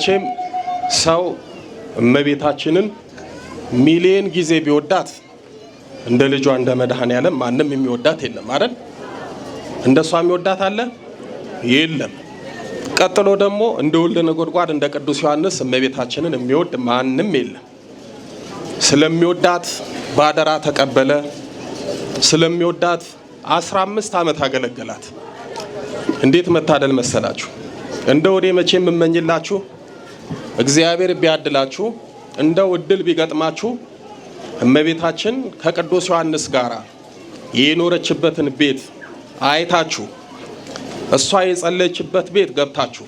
መቼም ሰው እመቤታችንን ሚሊየን ጊዜ ቢወዳት እንደ ልጇ እንደ መድኃኔዓለም ማንም የሚወዳት የለም አይደል? እንደ እሷ የሚወዳት አለ የለም። ቀጥሎ ደግሞ እንደ ውልድ ነጎድጓድ እንደ ቅዱስ ዮሐንስ እመቤታችንን የሚወድ ማንም የለም። ስለሚወዳት ባደራ ተቀበለ። ስለሚወዳት አስራ አምስት ዓመት አገለገላት። እንዴት መታደል መሰላችሁ! እንደ ወዴ መቼ የምመኝላችሁ እግዚአብሔር ቢያድላችሁ እንደው እድል ቢገጥማችሁ እመቤታችን ከቅዱስ ዮሐንስ ጋር የኖረችበትን ቤት አይታችሁ እሷ የጸለየችበት ቤት ገብታችሁ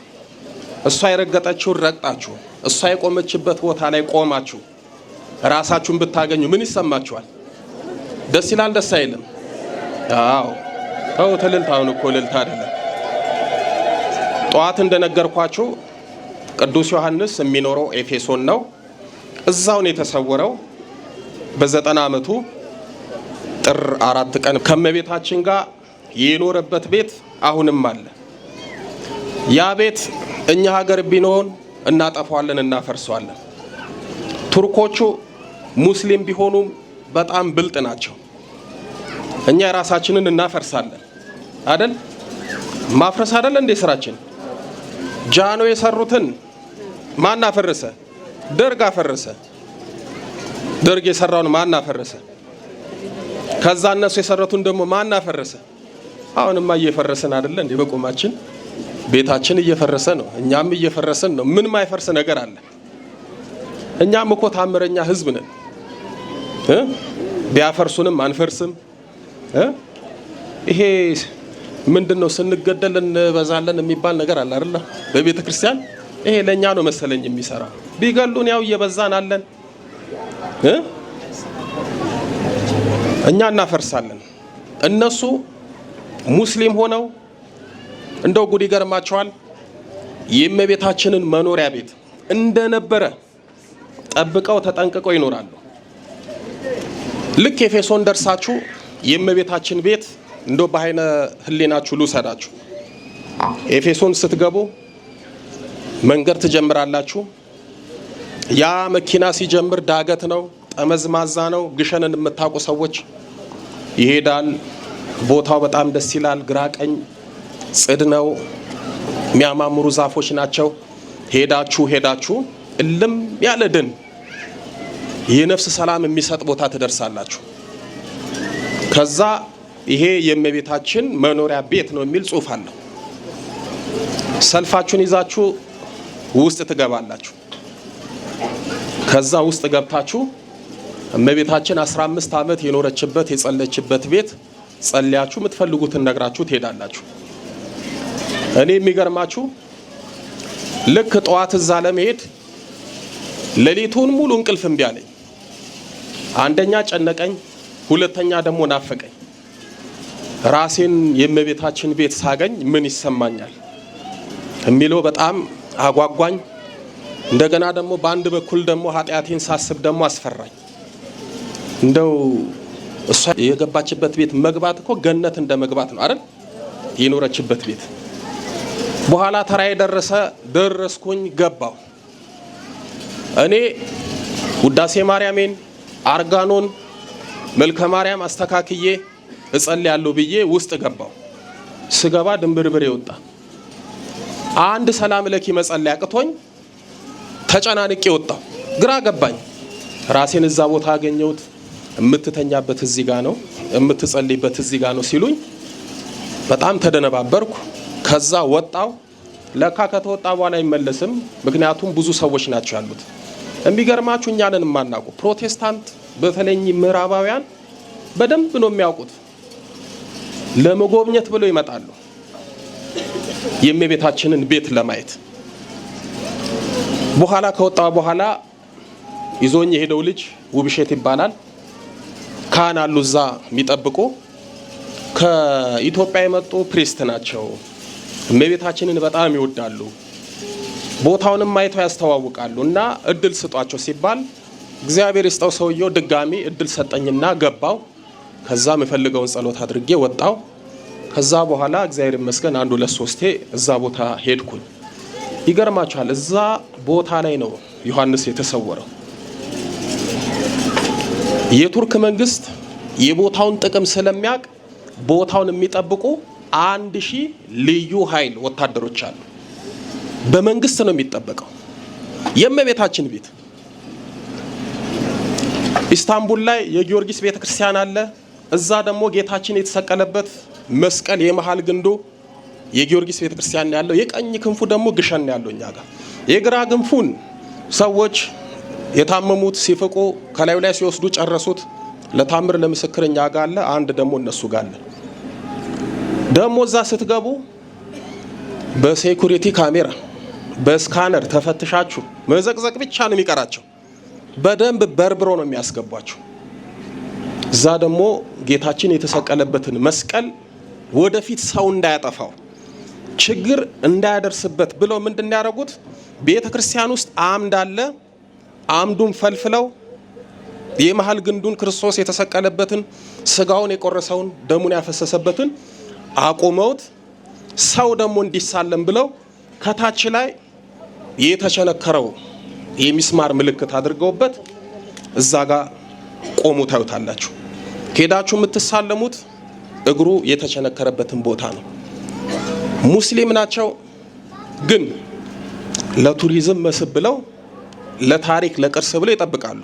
እሷ የረገጠችውን ረግጣችሁ እሷ የቆመችበት ቦታ ላይ ቆማችሁ ራሳችሁን ብታገኙ ምን ይሰማችኋል? ደስ ይላል? ደስ አይልም? አዎ ተው። አሁን እኮ ልልት አይደለም። ጠዋት እንደነገርኳችሁ ቅዱስ ዮሐንስ የሚኖረው ኤፌሶን ነው። እዛውን የተሰወረው በዘጠና ዓመቱ ጥር አራት ቀን ከመቤታችን ጋር የኖረበት ቤት አሁንም አለ። ያ ቤት እኛ ሀገር ቢኖን እናጠፋዋለን፣ እናፈርሰዋለን። ቱርኮቹ ሙስሊም ቢሆኑም በጣም ብልጥ ናቸው። እኛ የራሳችንን እናፈርሳለን አደል? ማፍረስ አደለ እንዴ ስራችን? ጃኖ የሰሩትን ማን አፈረሰ? ደርግ አፈረሰ። ደርግ የሰራውን ማን አፈረሰ? ከዛ እነሱ የሰረቱን ደግሞ ማን አፈረሰ? አሁንማ እየፈረስን አይደለ እንዴ? በቆማችን ቤታችን እየፈረሰ ነው። እኛም እየፈረስን ነው። ምን ማይፈርስ ነገር አለ? እኛም እኮ ታምረኛ ህዝብ ነን። ቢያፈርሱንም አንፈርስም። ይሄ ምንድን ነው ስንገደል እንበዛለን የሚባል ነገር አለ አይደለ? በቤተ ክርስቲያን ይሄ ለእኛ ነው መሰለኝ የሚሰራ። ቢገሉን ያው እየበዛን አለን እኛ እናፈርሳለን። እነሱ ሙስሊም ሆነው እንደው ጉድ ይገርማቸዋል። የእመቤታችንን መኖሪያ ቤት እንደነበረ ጠብቀው ተጠንቅቀው ይኖራሉ። ልክ ኤፌሶን ደርሳችሁ የእመቤታችን ቤት እንዶ በአይነ ህሊናችሁ ልውሰዳችሁ። ኤፌሶን ስትገቡ መንገድ ትጀምራላችሁ። ያ መኪና ሲጀምር ዳገት ነው፣ ጠመዝማዛ ነው። ግሸንን የምታውቁ ሰዎች ይሄዳል። ቦታው በጣም ደስ ይላል። ግራ ቀኝ ጽድ ነው። የሚያማምሩ ዛፎች ናቸው። ሄዳችሁ ሄዳችሁ እልም ያለ ድን የነፍስ ሰላም የሚሰጥ ቦታ ትደርሳላችሁ። ከዛ ይሄ የእመቤታችን መኖሪያ ቤት ነው የሚል ጽሁፍ አለው። ሰልፋችሁን ይዛችሁ ውስጥ ትገባላችሁ። ከዛ ውስጥ ገብታችሁ እመቤታችን 15 ዓመት የኖረችበት የጸለችበት ቤት ጸልያችሁ የምትፈልጉትን ነግራችሁ ትሄዳላችሁ። እኔ የሚገርማችሁ ልክ ጠዋት እዛ ለመሄድ ሌሊቱን ሙሉ እንቅልፍ እምቢ አለኝ። አንደኛ ጨነቀኝ፣ ሁለተኛ ደግሞ ናፈቀኝ። ራሴን የእመቤታችን ቤት ሳገኝ ምን ይሰማኛል የሚለው በጣም አጓጓኝ። እንደገና ደግሞ በአንድ በኩል ደግሞ ኃጢአቴን ሳስብ ደግሞ አስፈራኝ። እንደው እሷ የገባችበት ቤት መግባት እኮ ገነት እንደ መግባት ነው አይደል? የኖረችበት ቤት በኋላ ተራ የደረሰ ደረስኩኝ ገባው። እኔ ውዳሴ ማርያሜን አርጋኖን መልከ ማርያም አስተካክዬ እጸልያለሁ ብዬ ውስጥ ገባው። ስገባ ድንብርብር ወጣ አንድ ሰላም ለኪ መጸለይ አቅቶኝ ተጨናንቄ ወጣው። ግራ ገባኝ። ራሴን እዛ ቦታ አገኘሁት። የምትተኛበት እዚህ ጋ ነው፣ የምትጸልይበት እዚህ ጋ ነው ሲሉኝ በጣም ተደነባበርኩ። ከዛ ወጣው። ለካ ከተወጣ በኋላ አይመለስም። ምክንያቱም ብዙ ሰዎች ናቸው ያሉት። የሚገርማችሁ እኛንን የማናውቁ ፕሮቴስታንት፣ በተለይ ምዕራባውያን በደንብ ነው የሚያውቁት። ለመጎብኘት ብለው ይመጣሉ። የእመቤታችንን ቤት ለማየት በኋላ ከወጣ በኋላ ይዞኝ የሄደው ልጅ ውብሸት ይባላል። ካህን አሉ እዛ የሚጠብቁ ከኢትዮጵያ የመጡ ፕሪስት ናቸው። እመቤታችንን በጣም ይወዳሉ። ቦታውንም አይተው ያስተዋውቃሉ። እና እድል ስጧቸው ሲባል እግዚአብሔር ይስጠው ሰውየው ድጋሚ እድል ሰጠኝና ገባው። ከዛ የምፈልገውን ጸሎት አድርጌ ወጣው። ከዛ በኋላ እግዚአብሔር ይመስገን አንድ ሁለት ሶስቴ እዛ ቦታ ሄድኩኝ። ይገርማችኋል፣ እዛ ቦታ ላይ ነው ዮሐንስ የተሰወረው። የቱርክ መንግስት የቦታውን ጥቅም ስለሚያውቅ ቦታውን የሚጠብቁ አንድ ሺህ ልዩ ኃይል ወታደሮች አሉ። በመንግስት ነው የሚጠበቀው። የእመቤታችን ቤት ኢስታንቡል ላይ የጊዮርጊስ ቤተክርስቲያን አለ። እዛ ደግሞ ጌታችን የተሰቀለበት መስቀል የመሃል ግንዶ የጊዮርጊስ ቤተክርስቲያን ያለው የቀኝ ክንፉ ደግሞ ግሸን ያለው እኛ ጋር የግራ ክንፉን ሰዎች የታመሙት ሲፍቁ ከላዩ ላይ ሲወስዱ ጨረሱት። ለታምር ለምስክር እኛ ጋር አለ። አንድ ደግሞ እነሱ ጋር አለ። ደግሞ እዛ ስትገቡ በሴኩሪቲ ካሜራ በስካነር ተፈትሻችሁ መዘቅዘቅ ብቻ ነው የሚቀራቸው። በደንብ በርብሮ ነው የሚያስገቧቸው። እዛ ደግሞ ጌታችን የተሰቀለበትን መስቀል ወደፊት ሰው እንዳያጠፋው ችግር እንዳያደርስበት ብለው ምንድን ያደረጉት ቤተ ክርስቲያን ውስጥ አምድ አለ። አምዱን ፈልፍለው የመሀል ግንዱን ክርስቶስ የተሰቀለበትን ስጋውን የቆረሰውን ደሙን ያፈሰሰበትን አቁመውት ሰው ደግሞ እንዲሳለም ብለው ከታች ላይ የተቸነከረው የሚስማር ምልክት አድርገውበት እዛ ጋር ቆሞ ታዩታላችሁ። ሄዳችሁ የምትሳለሙት እግሩ የተቸነከረበትን ቦታ ነው። ሙስሊም ናቸው፣ ግን ለቱሪዝም መስህብ ብለው ለታሪክ ለቅርስ ብለው ይጠብቃሉ።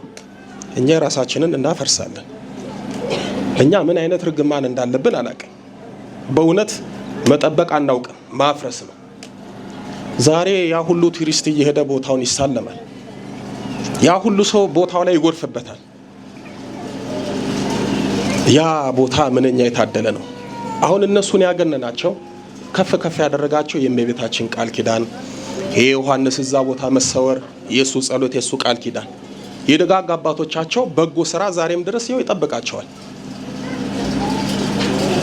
እኛ የራሳችንን እናፈርሳለን። እኛ ምን አይነት ርግማን እንዳለብን አላውቅም። በእውነት መጠበቅ አናውቅም፣ ማፍረስ ነው። ዛሬ ያ ሁሉ ቱሪስት እየሄደ ቦታውን ይሳለማል። ያ ሁሉ ሰው ቦታው ላይ ይጎርፍበታል። ያ ቦታ ምንኛ የታደለ ነው። አሁን እነሱን ያገነናቸው ከፍ ከፍ ያደረጋቸው የእመቤታችን ቃል ኪዳን፣ የዮሐንስ እዛ ቦታ መሰወር፣ የእሱ ጸሎት፣ የእሱ ቃል ኪዳን፣ የደጋግ አባቶቻቸው በጎ ስራ ዛሬም ድረስ ይኸው ይጠብቃቸዋል።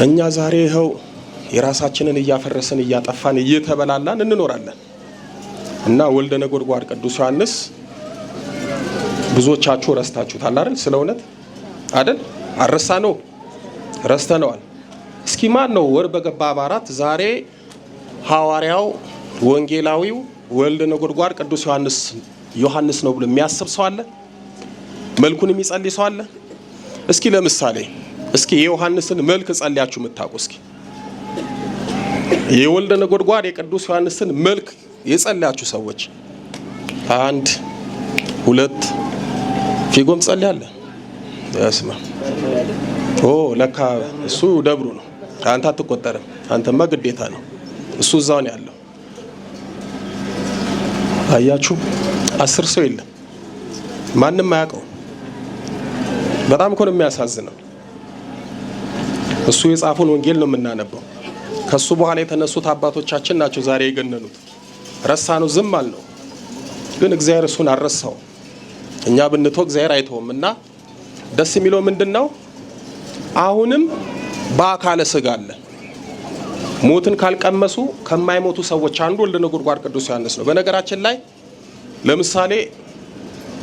እኛ ዛሬ ይኸው የራሳችንን እያፈረስን እያጠፋን እየተበላላን እንኖራለን እና ወልደ ነጎድጓድ ቅዱስ ዮሐንስ ብዙዎቻችሁ ረስታችሁታል አይደል? ስለ እውነት አይደል? አረሳ ነው ረስተነዋል። እስኪ ማን ነው ወር በገባ አባራት ዛሬ ሐዋርያው ወንጌላዊው ወልድ ነጎድጓድ ቅዱስ ዮሐንስ ዮሐንስ ነው ብሎ የሚያስብ ሰው አለ? መልኩን የሚጸልይ ሰው አለ? እስኪ ለምሳሌ እስኪ የዮሐንስን መልክ ጸልያችሁ የምታውቁ እስኪ የወልደ ነጎድጓድ የቅዱስ ዮሐንስን መልክ የጸልያችሁ ሰዎች አንድ ሁለት ፊጎም ጸልያለ ያስማ ኦ ለካ እሱ ደብሩ ነው። አንተ አትቆጠርም። አንተማ ግዴታ ነው። እሱ እዛው ነው ያለው። አያችሁ፣ አስር ሰው የለም ማንም አያውቀው። በጣም እኮ ነው የሚያሳዝነው። እሱ የጻፈውን ወንጌል ነው የምናነበው። ከሱ በኋላ የተነሱት አባቶቻችን ናቸው ዛሬ የገነኑት። ረሳነው፣ ዝም አልነው፣ ግን እግዚአብሔር እሱን አልረሳውም። እኛ ብንቶ እግዚአብሔር አይተውም እና ደስ የሚለው ምንድን ነው? አሁንም በአካለ ስጋ አለ። ሞትን ካልቀመሱ ከማይሞቱ ሰዎች አንዱ ወልደ ነጎድጓድ ቅዱስ ዮሐንስ ነው። በነገራችን ላይ ለምሳሌ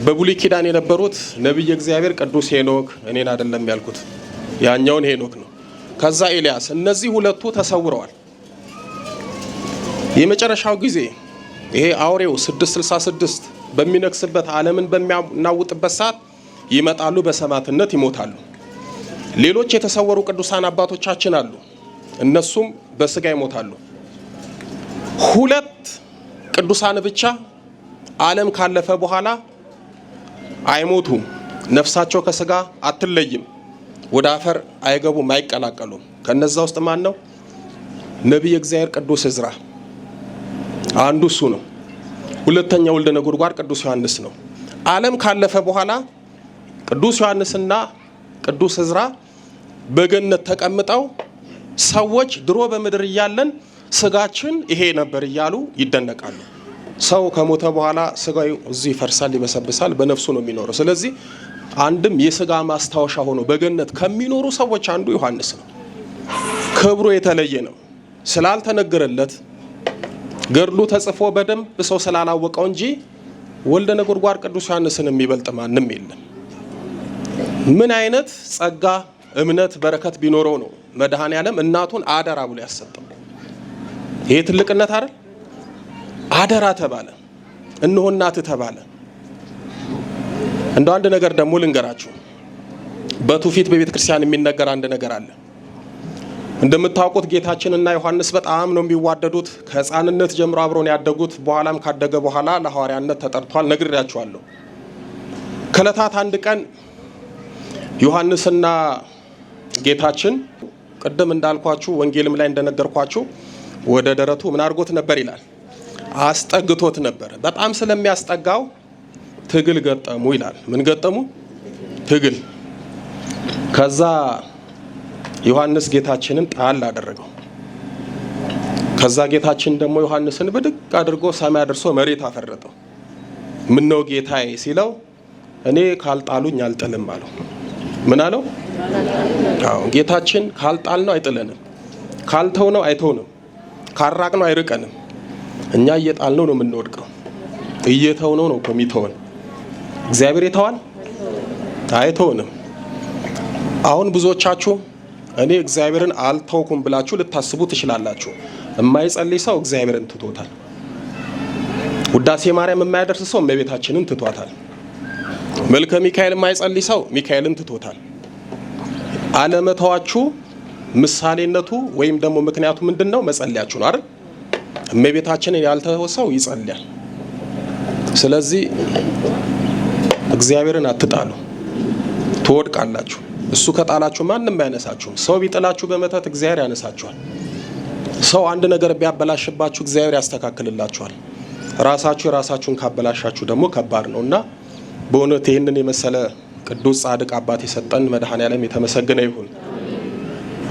በብሉይ ኪዳን የነበሩት ነቢይ እግዚአብሔር ቅዱስ ሄኖክ እኔን አይደለም ያልኩት ያኛውን ሄኖክ ነው። ከዛ ኤልያስ፣ እነዚህ ሁለቱ ተሰውረዋል። የመጨረሻው ጊዜ ይሄ አውሬው 666 በሚነክስበት ዓለምን በሚያናውጥበት ሰዓት ይመጣሉ፣ በሰማዕትነት ይሞታሉ። ሌሎች የተሰወሩ ቅዱሳን አባቶቻችን አሉ። እነሱም በስጋ ይሞታሉ። ሁለት ቅዱሳን ብቻ ዓለም ካለፈ በኋላ አይሞቱም። ነፍሳቸው ከስጋ አትለይም፣ ወደ አፈር አይገቡም፣ አይቀላቀሉም። ከነዛ ውስጥ ማን ነው? ነቢይ እግዚአብሔር ቅዱስ እዝራ አንዱ እሱ ነው። ሁለተኛ ወልደ ነጎድጓድ ቅዱስ ዮሐንስ ነው። ዓለም ካለፈ በኋላ ቅዱስ ዮሐንስና ቅዱስ ዕዝራ በገነት ተቀምጠው ሰዎች ድሮ በምድር እያለን ስጋችን ይሄ ነበር እያሉ ይደነቃሉ። ሰው ከሞተ በኋላ ስጋው እዚህ ይፈርሳል፣ ይበሰብሳል፣ በነፍሱ ነው የሚኖረው። ስለዚህ አንድም የስጋ ማስታወሻ ሆኖ በገነት ከሚኖሩ ሰዎች አንዱ ዮሐንስ ነው። ክብሩ የተለየ ነው ስላልተነገረለት ገድሉ ተጽፎ በደንብ ሰው ስላላወቀው እንጂ ወልደ ነጎድጓድ ቅዱስ ዮሐንስን የሚበልጥ ማንም የለም። ምን አይነት ጸጋ፣ እምነት፣ በረከት ቢኖረው ነው መድኃኔ ዓለም እናቱን አደራ ብሎ ያሰጠው? ይሄ ትልቅነት አይደል? አደራ ተባለ፣ እነሆ እናት ተባለ። እንደ አንድ ነገር ደግሞ ልንገራችሁ። በትውፊት በቤተ ክርስቲያን የሚነገር አንድ ነገር አለ። እንደምታውቁት ጌታችንና ዮሐንስ በጣም ነው የሚዋደዱት። ከህፃንነት ጀምሮ አብረውን ያደጉት፣ በኋላም ካደገ በኋላ ለሐዋርያነት ተጠርቷል። ነግሬያችኋለሁ። ከዕለታት አንድ ቀን ዮሐንስና ጌታችን ቅድም እንዳልኳችሁ ወንጌልም ላይ እንደነገርኳችሁ ወደ ደረቱ ምን አድርጎት ነበር ይላል፣ አስጠግቶት ነበር። በጣም ስለሚያስጠጋው ትግል ገጠሙ ይላል። ምን ገጠሙ? ትግል። ከዛ ዮሐንስ ጌታችንን ጣል አደረገው። ከዛ ጌታችን ደግሞ ዮሐንስን ብድግ አድርጎ ሰማይ አድርሶ መሬት አፈረጠው። ምነው ጌታዬ ሲለው እኔ ካልጣሉኝ አልጥልም አለው። ምን አለው? አዎ ጌታችን ካልጣል ነው አይጥለንም፣ ካልተው ነው አይተውንም፣ ካራቅ ነው አይርቀንም። እኛ እየጣል ነው ነው የምንወድቀው፣ እየተው ነው ነው ከሚተውን እግዚአብሔር ይተዋል አይተውንም። አሁን ብዙዎቻችሁ እኔ እግዚአብሔርን አልተውኩም ብላችሁ ልታስቡ ትችላላችሁ። የማይጸልይ ሰው እግዚአብሔርን ትቶታል። ውዳሴ ማርያም የማያደርስ ሰው እመቤታችንን ትቷታል። መልከ ሚካኤል የማይጸልይ ሰው ሚካኤልን ትቶታል። አለመተዋችሁ ምሳሌነቱ ወይም ደግሞ ምክንያቱ ምንድን ነው? መጸለያችሁ ነው አይደል? እመቤታችንን ያልተወ ሰው ይጸልያል። ስለዚህ እግዚአብሔርን አትጣሉ፣ ትወድቃላችሁ። እሱ ከጣላችሁ ማንም አያነሳችሁም። ሰው ቢጥላችሁ በመተት እግዚአብሔር ያነሳችኋል። ሰው አንድ ነገር ቢያበላሽባችሁ እግዚአብሔር ያስተካክልላችኋል። ራሳችሁ የራሳችሁን ካበላሻችሁ ደግሞ ከባድ ነው እና በእውነት ይህንን የመሰለ ቅዱስ ጻድቅ አባት የሰጠን መድኃኔዓለም የተመሰገነ ይሁን።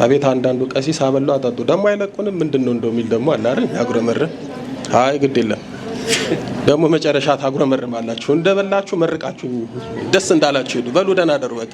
አቤት አንዳንዱ ቀሲስ አበሉ አጠጡ ደግሞ አይለቁንም ምንድን ነው እንደሚል ደግሞ አለ አይደል? ያጉረመርም። አይ ግድ የለም ደግሞ መጨረሻ ታጉረመርማላችሁ። እንደበላችሁ መርቃችሁ ደስ እንዳላችሁ ሄዱ። በሉ ደህና ደሩ በቃ